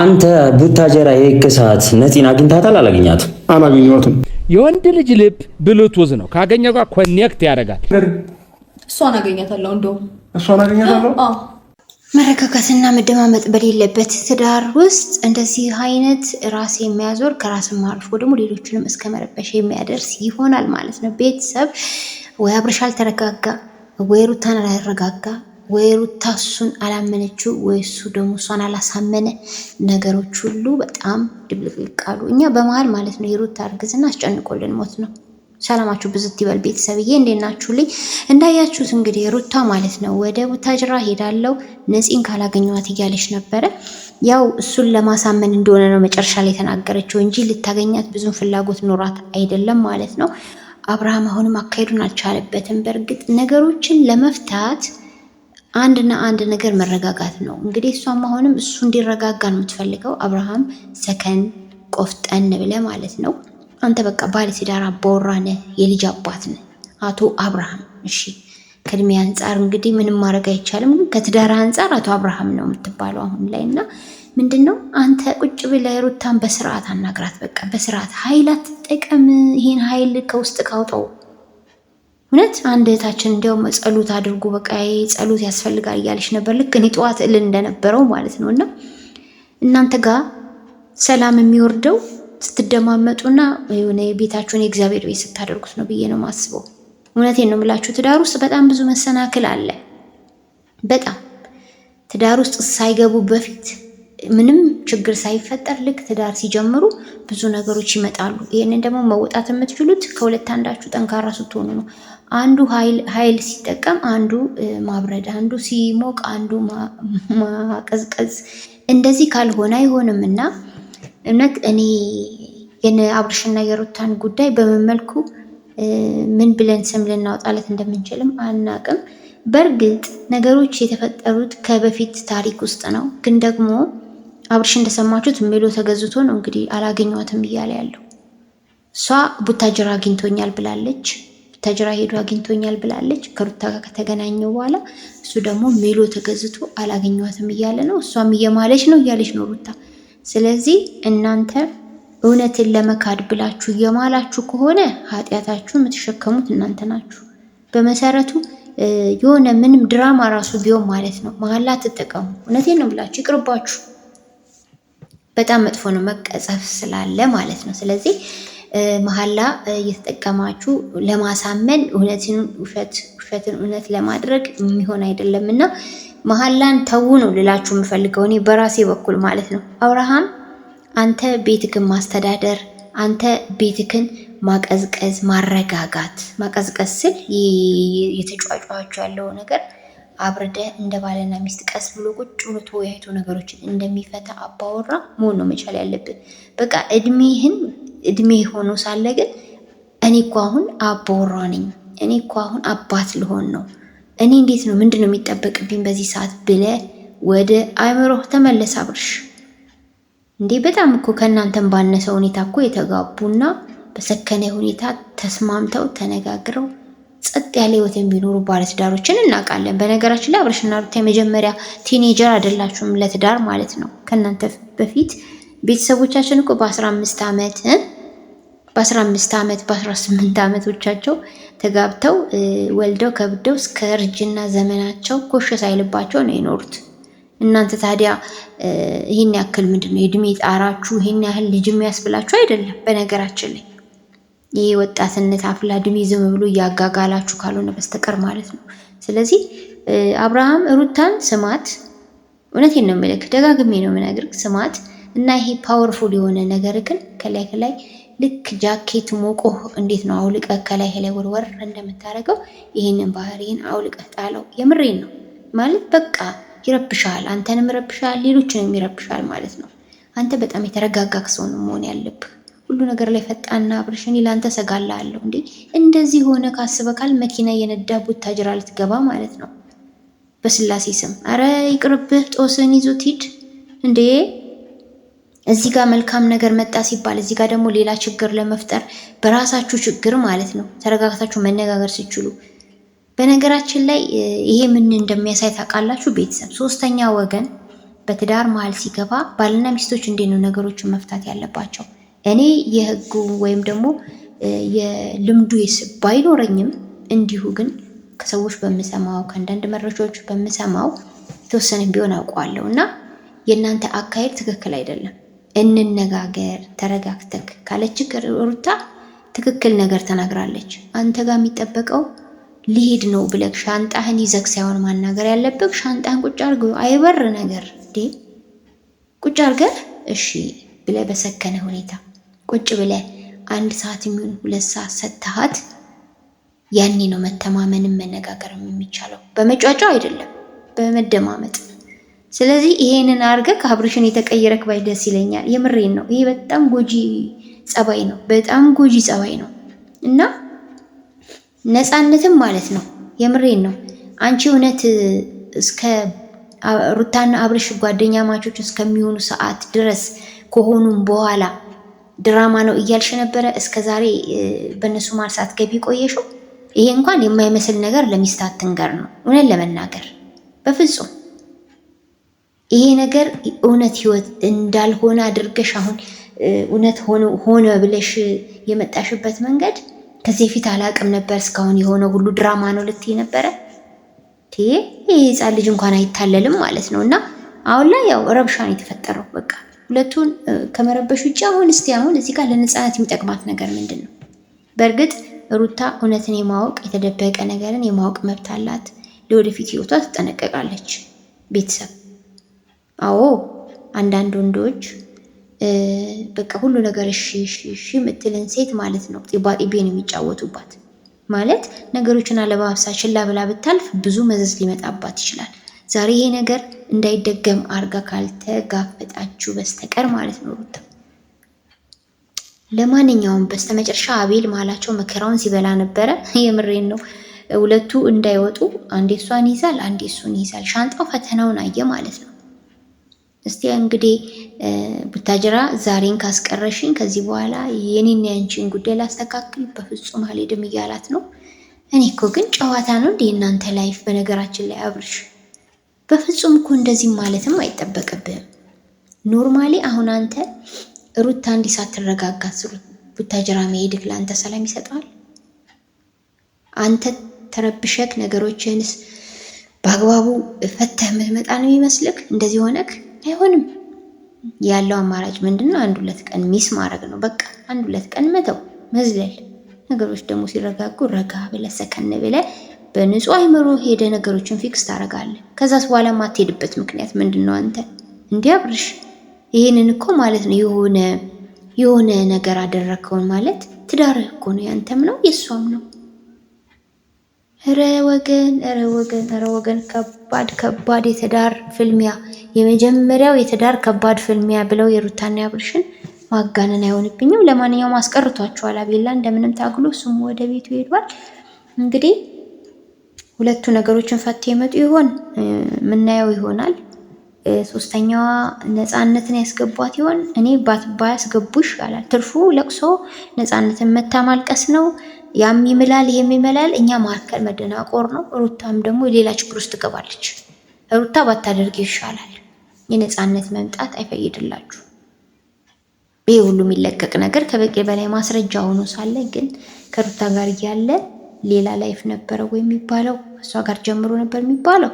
አንተ ቡታጀራ የህግ ሰዓት ነፂን አግኝታታል? አላገኛትም? አላገኘኋትም። የወንድ ልጅ ልብ ብሉት ውዝ ነው፣ ካገኘ ጋር ኮኔክት ያደርጋል። እሷን አገኛታለሁ፣ እንደውም እሷን አገኛታለሁ። መረጋጋትና መደማመጥ በሌለበት ትዳር ውስጥ እንደዚህ አይነት ራስ የሚያዞር ከራስም አልፎ ደግሞ ሌሎችንም እስከ መረበሽ የሚያደርስ ይሆናል ማለት ነው። ቤተሰብ ወይ አብረሽ አልተረጋጋ ወይ ሩታን አላረጋጋ ወይ ሩታ እሱን አላመነችው ወይ እሱ ደግሞ እሷን አላሳመነ። ነገሮች ሁሉ በጣም ድብልቅልቅ አሉ። እኛ በመሀል ማለት ነው የሩታ እርግዝና አስጨንቆልን ሞት ነው። ሰላማችሁ ብዝት ይበል ቤተሰብዬ፣ እንዴት ናችሁልኝ? እንዳያችሁት እንግዲህ ሩታ ማለት ነው ወደ ቡታጅራ ሄዳለው ነፂን ካላገኘዋት እያለች ነበረ። ያው እሱን ለማሳመን እንደሆነ ነው መጨረሻ ላይ የተናገረችው እንጂ ልታገኛት ብዙም ፍላጎት ኖራት አይደለም ማለት ነው። አብርሃም አሁንም አካሄዱን አልቻለበትም። በእርግጥ ነገሮችን ለመፍታት አንድና አንድ ነገር መረጋጋት ነው። እንግዲህ እሷም አሁንም እሱ እንዲረጋጋ ነው የምትፈልገው። አብርሃም ሰከን ቆፍጠን ብለ ማለት ነው። አንተ በቃ ባለ ትዳር አባወራ ነህ፣ የልጅ አባት ነህ አቶ አብርሃም። እሺ ከእድሜ አንጻር እንግዲህ ምንም ማድረግ አይቻልም፣ ግን ከትዳር አንጻር አቶ አብርሃም ነው የምትባለው አሁን ላይ እና ምንድን ነው አንተ ቁጭ ብለህ ሩታን በስርዓት አናግራት። በቃ በስርዓት ኃይል አትጠቀም። ይህን ኃይል ከውስጥ ካውጠው እውነት አንድ እህታችን እንዲያውም ጸሎት አድርጎ በቃ ጸሎት ያስፈልጋል እያለች ነበር። ልክ እኔ ጠዋት እል እንደነበረው ማለት ነው። እና እናንተ ጋር ሰላም የሚወርደው ስትደማመጡና የሆነ የቤታችሁን የእግዚአብሔር ቤት ስታደርጉት ነው ብዬ ነው ማስበው። እውነቴን ነው የምላችሁ። ትዳር ውስጥ በጣም ብዙ መሰናክል አለ። በጣም ትዳር ውስጥ ሳይገቡ በፊት ምንም ችግር ሳይፈጠር ልክ ትዳር ሲጀምሩ ብዙ ነገሮች ይመጣሉ። ይህንን ደግሞ መውጣት የምትችሉት ከሁለት አንዳችሁ ጠንካራ ስትሆኑ ነው። አንዱ ኃይል ሲጠቀም፣ አንዱ ማብረድ፣ አንዱ ሲሞቅ፣ አንዱ ማቀዝቀዝ፣ እንደዚህ ካልሆነ አይሆንም እና እውነት እኔ አብርሽና የሩታን ጉዳይ በምን መልኩ ምን ብለን ስም ልናወጣለት እንደምንችልም አናቅም። በእርግጥ ነገሮች የተፈጠሩት ከበፊት ታሪክ ውስጥ ነው ግን ደግሞ አብርሽ እንደሰማችሁት ሜሎ ተገዝቶ ነው እንግዲህ አላገኘዋትም እያለ ያለው። እሷ ቡታጅራ አግኝቶኛል ብላለች፣ ቡታጅራ ሄዶ አግኝቶኛል ብላለች። ከሩታ ጋር ከተገናኘው በኋላ እሱ ደግሞ ሜሎ ተገዝቶ አላገኘዋትም እያለ ነው። እሷም እየማለች ነው እያለች ነው ሩታ። ስለዚህ እናንተ እውነትን ለመካድ ብላችሁ እየማላችሁ ከሆነ ኃጢአታችሁ የምትሸከሙት እናንተ ናችሁ። በመሰረቱ የሆነ ምንም ድራማ ራሱ ቢሆን ማለት ነው መሀላ አትጠቀሙ። እውነቴን ነው ብላችሁ ይቅርባችሁ። በጣም መጥፎ ነው፣ መቀጸፍ ስላለ ማለት ነው። ስለዚህ መሀላ እየተጠቀማችሁ ለማሳመን እውነትን ውሸት ውሸትን እውነት ለማድረግ የሚሆን አይደለም እና መሀላን ተዉ ነው ልላችሁ የምፈልገው እኔ በራሴ በኩል ማለት ነው። አብርሃም አንተ ቤትክን ማስተዳደር አንተ ቤትክን ማቀዝቀዝ ማረጋጋት ማቀዝቀዝ ስል የተጫጫዋቸው ያለው ነገር አብርደ እንደ ባልና ሚስት ቀስ ብሎ ቁጭ ብሎ ተወያይቶ ነገሮችን እንደሚፈታ አባወራ መሆን ነው መቻል ያለብን። በቃ እድሜህን እድሜ ሆኖ ሳለ ግን እኔ እኮ አሁን አባወራ ነኝ፣ እኔ እኮ አሁን አባት ልሆን ነው፣ እኔ እንዴት ነው ምንድን ነው የሚጠበቅብኝ በዚህ ሰዓት ብለ ወደ አእምሮህ ተመለስ አብርሽ። እንዴ በጣም እኮ ከእናንተን ባነሰ ሁኔታ እኮ የተጋቡና በሰከነ ሁኔታ ተስማምተው ተነጋግረው ጸጥ ያለ ህይወት የሚኖሩ ባለትዳሮችን እናውቃለን። በነገራችን ላይ አብረሽና ሩታ የመጀመሪያ ቲኔጀር አይደላችሁም ለትዳር ማለት ነው። ከእናንተ በፊት ቤተሰቦቻችን እኮ በአስራ አምስት ዓመት በአስራ አምስት ዓመት በአስራ ስምንት ዓመቶቻቸው ተጋብተው ወልደው ከብደው እስከ እርጅና ዘመናቸው ኮሽ ሳይልባቸው ነው የኖሩት። እናንተ ታዲያ ይህን ያክል ምንድን ነው የእድሜ ጣራችሁ? ይህን ያህል ልጅ የሚያስብላችሁ አይደለም በነገራችን ላይ ይህ ወጣትነት አፍላ እድሜ ዝም ብሎ እያጋጋላችሁ ካልሆነ በስተቀር ማለት ነው። ስለዚህ አብርሃም ሩታን ስማት፣ እውነቴን ነው የምልህ፣ ደጋግሜ ነው የምነግርህ፣ ስማት እና ይሄ ፓወርፉል የሆነ ግን ከላይ ከላይ ልክ ጃኬት ሞቆህ እንዴት ነው አውልቀ ከላይ ከላይ ወርወር እንደምታደርገው ይሄንን ባህሪን አውልቀ ጣለው። የምሬን ነው ማለት በቃ ይረብሻል፣ አንተንም ይረብሻል፣ ሌሎችንም ይረብሻል ማለት ነው። አንተ በጣም የተረጋጋክ ሰው ነው መሆን ያለብህ። ሁሉ ነገር ላይ ፈጣና አብርሽን ላንተ ሰጋላለሁ እንዴ! እንደዚህ ሆነ ካስበካል መኪና የነዳ ቡታጅራ ልትገባ ማለት ነው። በስላሴ ስም አረ ይቅርብህ፣ ጦስን ይዞት ሂድ እንዴ! እዚህ ጋር መልካም ነገር መጣ ሲባል እዚህ ጋር ደግሞ ሌላ ችግር ለመፍጠር በራሳችሁ ችግር ማለት ነው። ተረጋግታችሁ መነጋገር ሲችሉ በነገራችን ላይ ይሄ ምን እንደሚያሳይ ታውቃላችሁ? ቤተሰብ ሶስተኛ ወገን በትዳር መሀል ሲገባ ባልና ሚስቶች እንዴት ነው ነገሮችን መፍታት ያለባቸው? እኔ የህጉ ወይም ደግሞ የልምዱ ባይኖረኝም እንዲሁ ግን ከሰዎች በምሰማው ከአንዳንድ መረጃዎች በምሰማው የተወሰነ ቢሆን አውቀዋለሁ እና የእናንተ አካሄድ ትክክል አይደለም፣ እንነጋገር ተረጋግተክ ካለች ሩታ ትክክል ነገር ተናግራለች። አንተ ጋር የሚጠበቀው ሊሄድ ነው ብለክ ሻንጣህን ይዘክ ሳይሆን ማናገር ያለብክ ሻንጣህን ቁጭ አድርገህ አይበር ነገር ቁጭ አድርገህ እሺ ብለ በሰከነ ሁኔታ ቁጭ ብለህ አንድ ሰዓት የሚሆን ሁለት ሰዓት ሰጥተሃት ያኔ ነው መተማመንም መነጋገርም የሚቻለው። በመጫጫው አይደለም፣ በመደማመጥ። ስለዚህ ይሄንን አድርገህ አብርሽን የተቀየረክ ባይ ደስ ይለኛል። የምሬን ነው። ይሄ በጣም ጎጂ ጸባይ ነው፣ በጣም ጎጂ ጸባይ ነው እና ነፃነትም ማለት ነው። የምሬን ነው። አንቺ እውነት እስከ ሩታና አብርሽ ጓደኛ ማቾች እስከሚሆኑ ሰዓት ድረስ ከሆኑም በኋላ ድራማ ነው እያልሽ ነበረ እስከ ዛሬ በእነሱ ማርሳት ገቢ ቆየሽው። ይሄ እንኳን የማይመስል ነገር ለሚስት አትንገር ነው እውነት ለመናገር በፍጹም ይሄ ነገር እውነት ህይወት እንዳልሆነ አድርገሽ አሁን እውነት ሆነ ብለሽ የመጣሽበት መንገድ ከዚህ ፊት አላቅም ነበር እስካሁን የሆነ ሁሉ ድራማ ነው ልትይ ነበረ። ይህ ህፃን ልጅ እንኳን አይታለልም ማለት ነው። እና አሁን ላይ ያው ረብሻ ነው የተፈጠረው በቃ ሁለቱን ከመረበሽ ውጭ አሁን እስቲ አሁን እዚህ ጋር ለነፃነት የሚጠቅማት ነገር ምንድን ነው? በእርግጥ ሩታ እውነትን የማወቅ የተደበቀ ነገርን የማወቅ መብት አላት። ለወደፊት ህይወቷ ትጠነቀቃለች። ቤተሰብ አዎ፣ አንዳንድ ወንዶች በቃ ሁሉ ነገር እሺ እሺ የምትልን ሴት ማለት ነው ጢባጢቤ ነው የሚጫወቱባት ማለት ነገሮችን አለባብሳ ችላ ብላ ብታልፍ ብዙ መዘዝ ሊመጣባት ይችላል። ዛሬ ይሄ ነገር እንዳይደገም አርጋ ካልተጋፈጣችሁ በስተቀር ማለት ነው ሩታ። ለማንኛውም በስተመጨረሻ አቤል ማላቸው መከራውን ሲበላ ነበረ። የምሬን ነው። ሁለቱ እንዳይወጡ አንዴ እሷን ይዛል፣ አንዴ እሱን ይዛል። ሻንጣው ፈተናውን አየ ማለት ነው። እስቲ እንግዲህ ቡታጅራ ዛሬን ካስቀረሽኝ ከዚህ በኋላ የኔና ያንቺን ጉዳይ ላስተካክል በፍጹም አልሄድም እያላት ነው። እኔ እኮ ግን ጨዋታ ነው እንዴ እናንተ ላይፍ? በነገራችን ላይ አብርሽ በፍጹም እኮ እንደዚህ ማለትም አይጠበቅብህም። ኖርማሊ አሁን አንተ ሩታ እንዲህ ሳትረጋጋ ቡታጅራ መሄድህ ለአንተ ሰላም ይሰጠዋል? አንተ ተረብሸክ ነገሮችንስ በአግባቡ ፈተህ የምትመጣ ነው ይመስልክ? እንደዚህ ሆነክ አይሆንም። ያለው አማራጭ ምንድን ነው? አንድ ሁለት ቀን ሚስ ማድረግ ነው በቃ። አንድ ሁለት ቀን መተው መዝለል። ነገሮች ደግሞ ሲረጋጉ ረጋ ብለህ ሰከን ብለህ በንጹህ አይምሮ ሄደ ነገሮችን ፊክስ ታደርጋለህ። ከዛስ በኋላ ማትሄድበት ምክንያት ምንድን ነው? አንተ እንዲህ አብርሽ ይሄንን እኮ ማለት ነው የሆነ የሆነ ነገር አደረግከውን ማለት ትዳርህ እኮ ነው፣ ያንተም ነው የእሷም ነው። እረ ወገን፣ እረ ወገን፣ እረ ወገን! ከባድ ከባድ የትዳር ፍልሚያ፣ የመጀመሪያው የትዳር ከባድ ፍልሚያ ብለው የሩታና ያብርሽን ማጋነን አይሆንብኝም። ለማንኛውም አስቀርቷቸዋል። አቤላ እንደምንም ታግሎ ስሙ ወደ ቤቱ ይሄዷል። እንግዲህ ሁለቱ ነገሮችን ፈተው የመጡ ይሆን ምናየው ይሆናል። ሶስተኛዋ ነፃነትን ያስገቧት ይሆን? እኔ ያስገቡ ይሻላል። ትርፉ ለቅሶ ነፃነትን መታ ማልቀስ ነው። ያም ይምላል ይህም ይመላል። እኛ መካከል መደናቆር ነው። ሩታም ደግሞ ሌላ ችግር ውስጥ ትገባለች። ሩታ ባታደርግ ይሻላል። የነፃነት መምጣት አይፈይድላችሁ። ይህ ሁሉ የሚለቀቅ ነገር ከበቂ በላይ ማስረጃ ሆኖ ሳለ ግን ከሩታ ጋር እያለ ሌላ ላይፍ ነበረው ወይ የሚባለው እሷ ጋር ጀምሮ ነበር የሚባለው።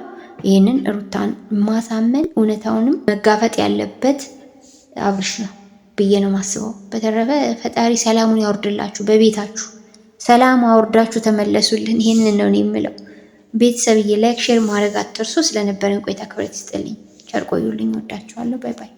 ይህንን ሩታን ማሳመን እውነታውንም መጋፈጥ ያለበት አብርሽ ነው ብዬ ነው ማስበው በተረፈ ፈጣሪ ሰላሙን ያወርድላችሁ፣ በቤታችሁ ሰላም አወርዳችሁ ተመለሱልን። ይህንን ነው የምለው። ቤተሰብዬ ላይክ፣ ሼር ማድረግ አትርሱ። ስለነበረን ቆይታ ክብረት ይስጥልኝ። ቸር ቆዩልኝ። ወዳችኋለሁ። ባይ ባይ።